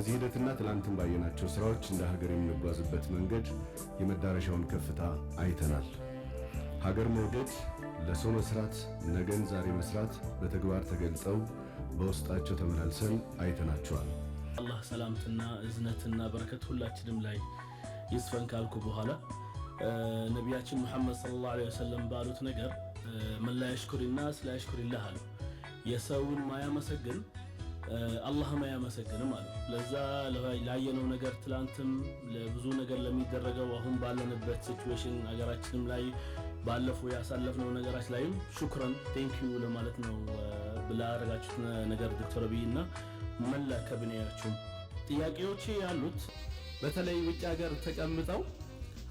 በዚህ ሂደትና ትላንትን ባየናቸው ስራዎች እንደ ሀገር የምንጓዝበት መንገድ የመዳረሻውን ከፍታ አይተናል። ሀገር መውደድ፣ ለሰው መስራት፣ ነገን ዛሬ መስራት በተግባር ተገልጸው በውስጣቸው ተመላልሰን አይተናቸዋል። አላህ ሰላምትና እዝነትና በረከት ሁላችንም ላይ ይስፈን ካልኩ በኋላ ነቢያችን ሙሐመድ ሰለላሁ ዐለይሂ ወሰለም ባሉት ነገር መላ ያሽኩሪናስ ላያሽኩሪላህ አሉ። የሰውን ማያመሰግን አላህም አያመሰግንም አለ። ለዛ ላየነው ነገር ትላንትም ለብዙ ነገር ለሚደረገው አሁን ባለንበት ሲቹዌሽን ሀገራችንም ላይ ባለፉ ያሳለፍነው ነገራች ላይም ሹክረን ዩ ለማለት ነው ብላ አረጋችሁት ነገር ዶክተር አብይ እና መላ ካቢኔያችሁ ጥያቄዎች ያሉት በተለይ ውጭ ሀገር ተቀምጠው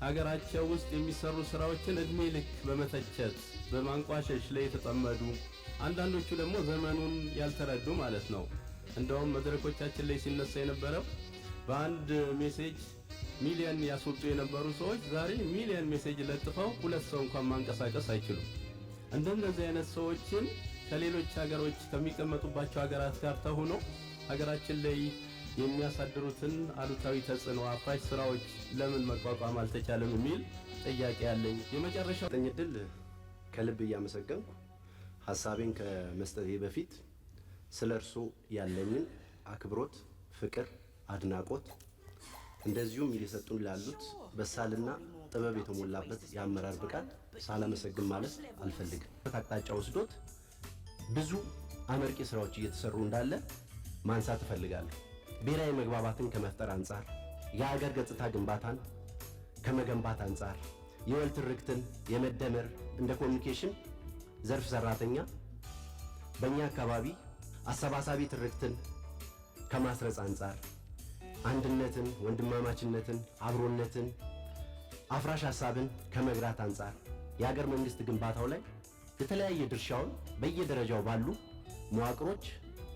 ሀገራቸው ውስጥ የሚሰሩ ስራዎችን እድሜ ልክ በመተቸት በማንቋሸሽ ላይ የተጠመዱ አንዳንዶቹ ደግሞ ዘመኑን ያልተረዱ ማለት ነው እንደውም መድረኮቻችን ላይ ሲነሳ የነበረው በአንድ ሜሴጅ ሚሊየን ያስወጡ የነበሩ ሰዎች ዛሬ ሚሊየን ሜሴጅ ለጥፈው ሁለት ሰው እንኳን ማንቀሳቀስ አይችሉም። እንደነዚህ አይነት ሰዎችን ከሌሎች ሀገሮች ከሚቀመጡባቸው ሀገራት ጋር ተሆኖ ሀገራችን ላይ የሚያሳድሩትን አሉታዊ ተጽዕኖ አፍራሽ ስራዎች ለምን መቋቋም አልተቻለም የሚል ጥያቄ ያለኝ። የመጨረሻው እድል ከልብ እያመሰገንኩ ሀሳቤን ከመስጠቴ በፊት ስለ እርሱ ያለኝን አክብሮት፣ ፍቅር፣ አድናቆት እንደዚሁም እየሰጡን ላሉት በሳልና ጥበብ የተሞላበት የአመራር ብቃት ሳላመሰግን ማለት አልፈልግም። አቅጣጫ ወስዶት ብዙ አመርቂ ስራዎች እየተሰሩ እንዳለ ማንሳት እፈልጋለሁ። ብሔራዊ መግባባትን ከመፍጠር አንጻር፣ የሀገር ገጽታ ግንባታን ከመገንባት አንጻር፣ የወል ትርክትን የመደመር እንደ ኮሚኒኬሽን ዘርፍ ሰራተኛ በእኛ አካባቢ አሰባሳቢ ትርክትን ከማስረጽ አንጻር አንድነትን፣ ወንድማማችነትን፣ አብሮነትን፣ አፍራሽ ሀሳብን ከመግራት አንጻር የሀገር መንግስት ግንባታው ላይ የተለያየ ድርሻውን በየደረጃው ባሉ መዋቅሮች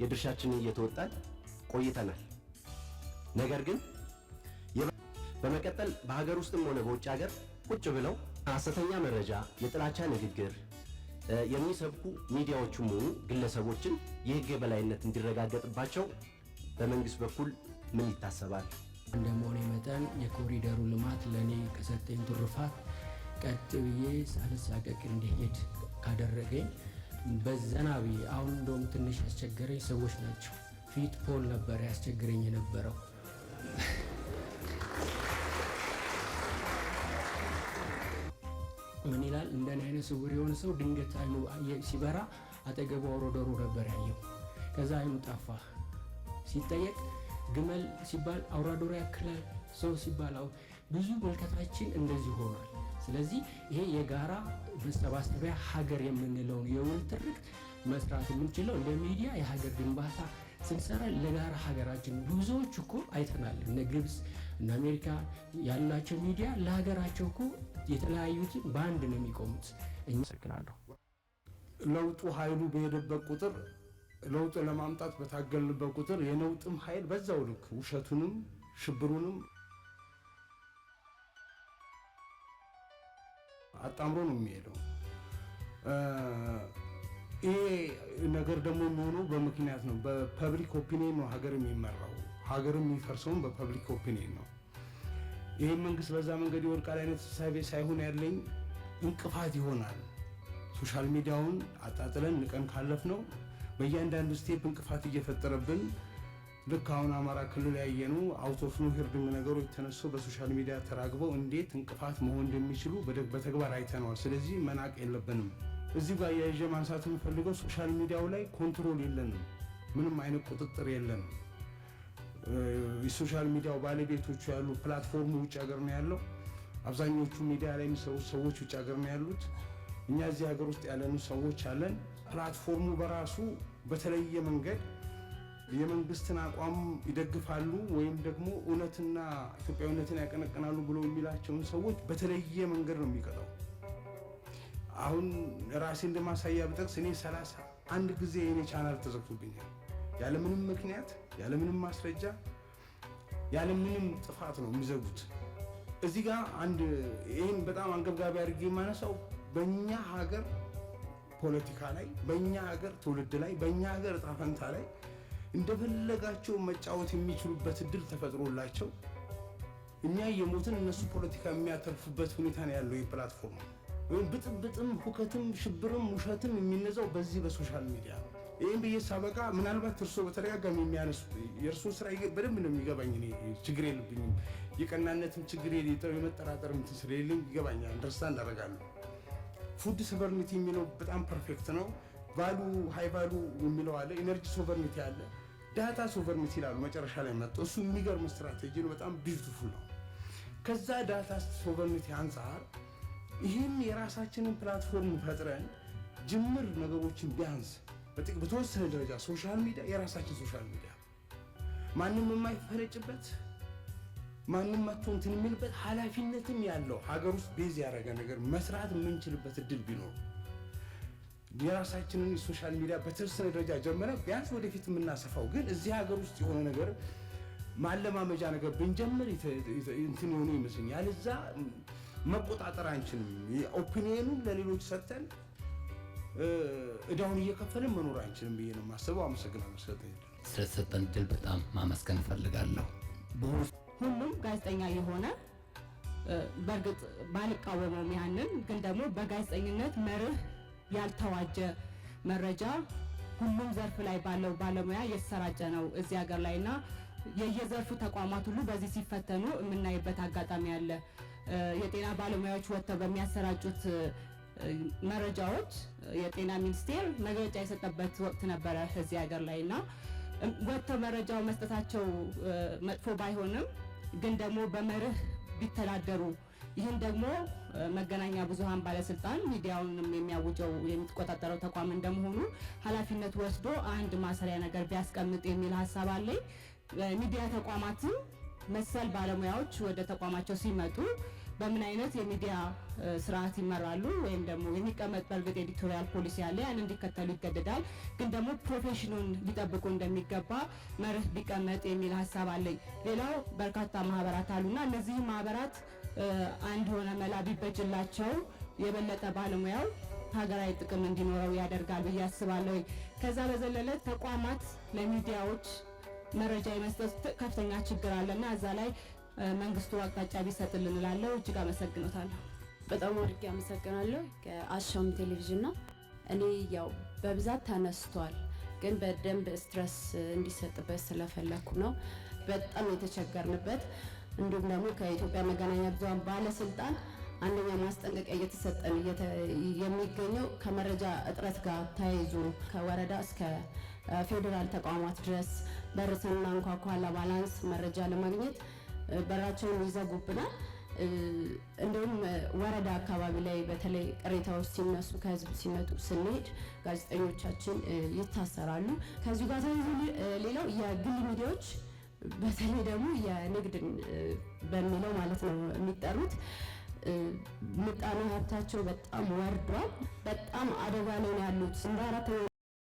የድርሻችንን እየተወጣን ቆይተናል። ነገር ግን በመቀጠል በሀገር ውስጥም ሆነ በውጭ ሀገር ቁጭ ብለው ሐሰተኛ መረጃ፣ የጥላቻ ንግግር የሚሰብኩ ሚዲያዎችም ሆኑ ግለሰቦችን የህግ የበላይነት እንዲረጋገጥባቸው በመንግስት በኩል ምን ይታሰባል? እንደ መሆኔ መጠን የኮሪደሩ ልማት ለእኔ ከሰጠኝ ትሩፋት ቀጥ ብዬ ሳልሳቀቅ እንዲሄድ ካደረገኝ በዘና ብዬ አሁን እንደውም ትንሽ ያስቸገረኝ ሰዎች ናቸው። ፊት ፖል ነበር ያስቸግረኝ የነበረው። ምን ይላል? እንደኔ አይነ ስውር የሆነ ሰው ድንገት አይኑ ሲበራ አጠገቡ አውሮ ዶሮ ነበር ያየው። ከዛ አይኑ ጠፋ። ሲጠየቅ ግመል ሲባል አውራ ዶሮ ያክላል፣ ሰው ሲባል ብዙ መልከታችን እንደዚህ ሆኗል። ስለዚህ ይሄ የጋራ መሰባሰቢያ ሀገር የምንለውን የውል ትርክ መስራት የምንችለው እንደ ሚዲያ የሀገር ግንባታ ስንሰራ ለጋራ ሀገራችን ብዙዎች እኮ አይተናል። እነ ግብፅ እነ አሜሪካ ያላቸው ሚዲያ ለሀገራቸው እኮ የተለያዩትን በአንድ ነው የሚቆሙት። አመሰግናለሁ። ለውጡ ኃይሉ በሄደበት ቁጥር ለውጥ ለማምጣት በታገልንበት ቁጥር የነውጥም ኃይል በዛው ልክ ውሸቱንም ሽብሩንም አጣምሮ ነው የሚሄደው። ይሄ ነገር ደግሞ የሚሆነው በምክንያት ነው። በፐብሊክ ኦፒኒየን ነው ሀገር የሚመራው። ሀገር የሚፈርሰውም በፐብሊክ ኦፒኒየን ነው። ይህ መንግስት በዛ መንገድ የወድቃል አይነት ሳቤ ሳይሆን ያለኝ እንቅፋት ይሆናል። ሶሻል ሚዲያውን አጣጥለን ንቀን ካለፍ ነው በእያንዳንዱ ስቴፕ እንቅፋት እየፈጠረብን ልክ አሁን አማራ ክልል ያየኑ አውት ኦፍ ነገሮች ተነሱ በሶሻል ሚዲያ ተራግበው እንዴት እንቅፋት መሆን እንደሚችሉ በተግባር አይተነዋል። ስለዚህ መናቅ የለብንም። እዚህ ጋር የያዥ ማንሳት የምፈልገው ሶሻል ሚዲያው ላይ ኮንትሮል የለንም፣ ምንም አይነት ቁጥጥር የለንም። የሶሻል ሚዲያው ባለቤቶቹ ያሉ ፕላትፎርሙ ውጭ ሀገር ነው ያለው። አብዛኞቹ ሚዲያ ላይ የሚሰሩ ሰዎች ውጭ ሀገር ነው ያሉት። እኛ እዚህ ሀገር ውስጥ ያለኑ ሰዎች አለን። ፕላትፎርሙ በራሱ በተለየ መንገድ የመንግስትን አቋም ይደግፋሉ ወይም ደግሞ እውነትና ኢትዮጵያዊነትን ያቀነቅናሉ ብሎ የሚላቸውን ሰዎች በተለየ መንገድ ነው የሚቀጣው። አሁን ራሴ እንደማሳያ ብጠቅስ እኔ ሰላሳ አንድ ጊዜ የኔ ቻናል ተዘግቶብኛል። ያለምንም ምክንያት፣ ያለምንም ማስረጃ፣ ያለምንም ጥፋት ነው የሚዘጉት። እዚህ ጋር አንድ ይህን በጣም አንገብጋቢ አድርጌ የማነሳው በእኛ ሀገር ፖለቲካ ላይ፣ በእኛ ሀገር ትውልድ ላይ፣ በእኛ ሀገር ጣፈንታ ፈንታ ላይ እንደፈለጋቸው መጫወት የሚችሉበት እድል ተፈጥሮላቸው እኛ የሞትን እነሱ ፖለቲካ የሚያተርፉበት ሁኔታ ነው ያለው የፕላትፎርም ወይም ብጥብጥም ሁከትም ሽብርም ውሸትም የሚነዛው በዚህ በሶሻል ሚዲያ ነው። ይህም ብዬ ሳበቃ ምናልባት እርሶ በተደጋጋሚ የሚያነሱ የእርሶ ስራ በደንብ ነው የሚገባኝ። ችግር የለብኝም። የቀናነትም ችግር የሌጠው የመጠራጠር ምት ስለሌለኝ ይገባኛል። እንደርሳ እናደርጋለሁ። ፉድ ሶቨርኒቲ የሚለው በጣም ፐርፌክት ነው። ቫሉ ሃይ ቫሉ የሚለው አለ። ኤነርጂ ሶቨርኒቲ አለ። ዳታ ሶቨርኒቲ ይላሉ መጨረሻ ላይ መጥተው። እሱ የሚገርም ስትራቴጂ ነው። በጣም ቢዩቲፉል ነው። ከዛ ዳታ ሶቨርኒቲ አንጻር ይህም የራሳችንን ፕላትፎርም ፈጥረን ጅምር ነገሮችን ቢያንስ በተወሰነ ደረጃ ሶሻል ሚዲያ የራሳችን ሶሻል ሚዲያ ማንም የማይፈረጭበት ማንም መጥቶ እንትን የሚልበት ኃላፊነትም ያለው ሀገር ውስጥ ቤዝ ያደረገ ነገር መስራት የምንችልበት እድል ቢኖር የራሳችንን ሶሻል ሚዲያ በተወሰነ ደረጃ ጀመረ ቢያንስ ወደፊት የምናሰፋው ግን እዚህ ሀገር ውስጥ የሆነ ነገር ማለማመጃ ነገር ብንጀምር እንትን የሆነ ይመስለኛል እዛ መቆጣጠር አንችልም። ኦፒኒየኑን ለሌሎች ሰጥተን እዳውን እየከፈልን መኖር አንችልም ብዬ ነው የማስበው። አመሰግናለሁ ስለተሰጠን እድል በጣም ማመስገን እፈልጋለሁ። ሁሉም ጋዜጠኛ የሆነ በእርግጥ ባልቃወመውም ያንን ግን ደግሞ በጋዜጠኝነት መርህ ያልተዋጀ መረጃ ሁሉም ዘርፍ ላይ ባለው ባለሙያ የተሰራጨ ነው እዚህ ሀገር ላይ እና የየዘርፉ ተቋማት ሁሉ በዚህ ሲፈተኑ የምናይበት አጋጣሚ አለ። የጤና ባለሙያዎች ወጥተው በሚያሰራጩት መረጃዎች የጤና ሚኒስቴር መግለጫ የሰጠበት ወቅት ነበረ እዚህ ሀገር ላይ እና ወጥተው መረጃው መስጠታቸው መጥፎ ባይሆንም ግን ደግሞ በመርህ ቢተዳደሩ ይህን ደግሞ መገናኛ ብዙሃን ባለስልጣን ሚዲያውንም የሚያውጀው የሚቆጣጠረው ተቋም እንደመሆኑ ኃላፊነት ወስዶ አንድ ማሰሪያ ነገር ቢያስቀምጥ የሚል ሀሳብ አለኝ። ሚዲያ ተቋማትም መሰል ባለሙያዎች ወደ ተቋማቸው ሲመጡ በምን አይነት የሚዲያ ስርዓት ይመራሉ ወይም ደግሞ የሚቀመጥ በእርግጥ ኤዲቶሪያል ፖሊሲ ያለ ያን እንዲከተሉ ይገደዳል። ግን ደግሞ ፕሮፌሽኑን ሊጠብቁ እንደሚገባ መርህ ቢቀመጥ የሚል ሀሳብ አለኝ። ሌላው በርካታ ማህበራት አሉና እነዚህ ማህበራት አንድ የሆነ መላ ቢበጅላቸው የበለጠ ባለሙያው ሀገራዊ ጥቅም እንዲኖረው ያደርጋል ብዬ አስባለሁ። ከዛ በዘለለ ተቋማት ለሚዲያዎች መረጃ የመስጠት ከፍተኛ ችግር አለና እዛ ላይ መንግስቱ አቅጣጫ ቢሰጥልን እላለሁ። እጅግ አመሰግኖታለሁ። በጣም አድርጌ አመሰግናለሁ። ከአሻም ቴሌቪዥን ነው። እኔ ያው በብዛት ተነስቷል፣ ግን በደንብ ስትረስ እንዲሰጥበት ስለፈለኩ ነው። በጣም የተቸገርንበት እንዲሁም ደግሞ ከኢትዮጵያ መገናኛ ብዙኃን ባለስልጣን አንደኛ ማስጠንቀቂያ እየተሰጠን የሚገኘው ከመረጃ እጥረት ጋር ተያይዞ ከወረዳ እስከ ፌዴራል ተቋማት ድረስ በር ስናንኳኳ ለባላንስ መረጃ ለማግኘት በራቸውን ይዘጉብናል። እንዲሁም ወረዳ አካባቢ ላይ በተለይ ቅሬታዎች ሲነሱ ከህዝብ ሲመጡ ስንሄድ ጋዜጠኞቻችን ይታሰራሉ። ከዚሁ ጋር ተያይዞ ሌላው የግል ሚዲያዎች በተለይ ደግሞ የንግድን በሚለው ማለት ነው የሚጠሩት ምጣኔ ሀብታቸው በጣም ወርዷል። በጣም አደጋ ላይ ያሉት እንደ አራተኛ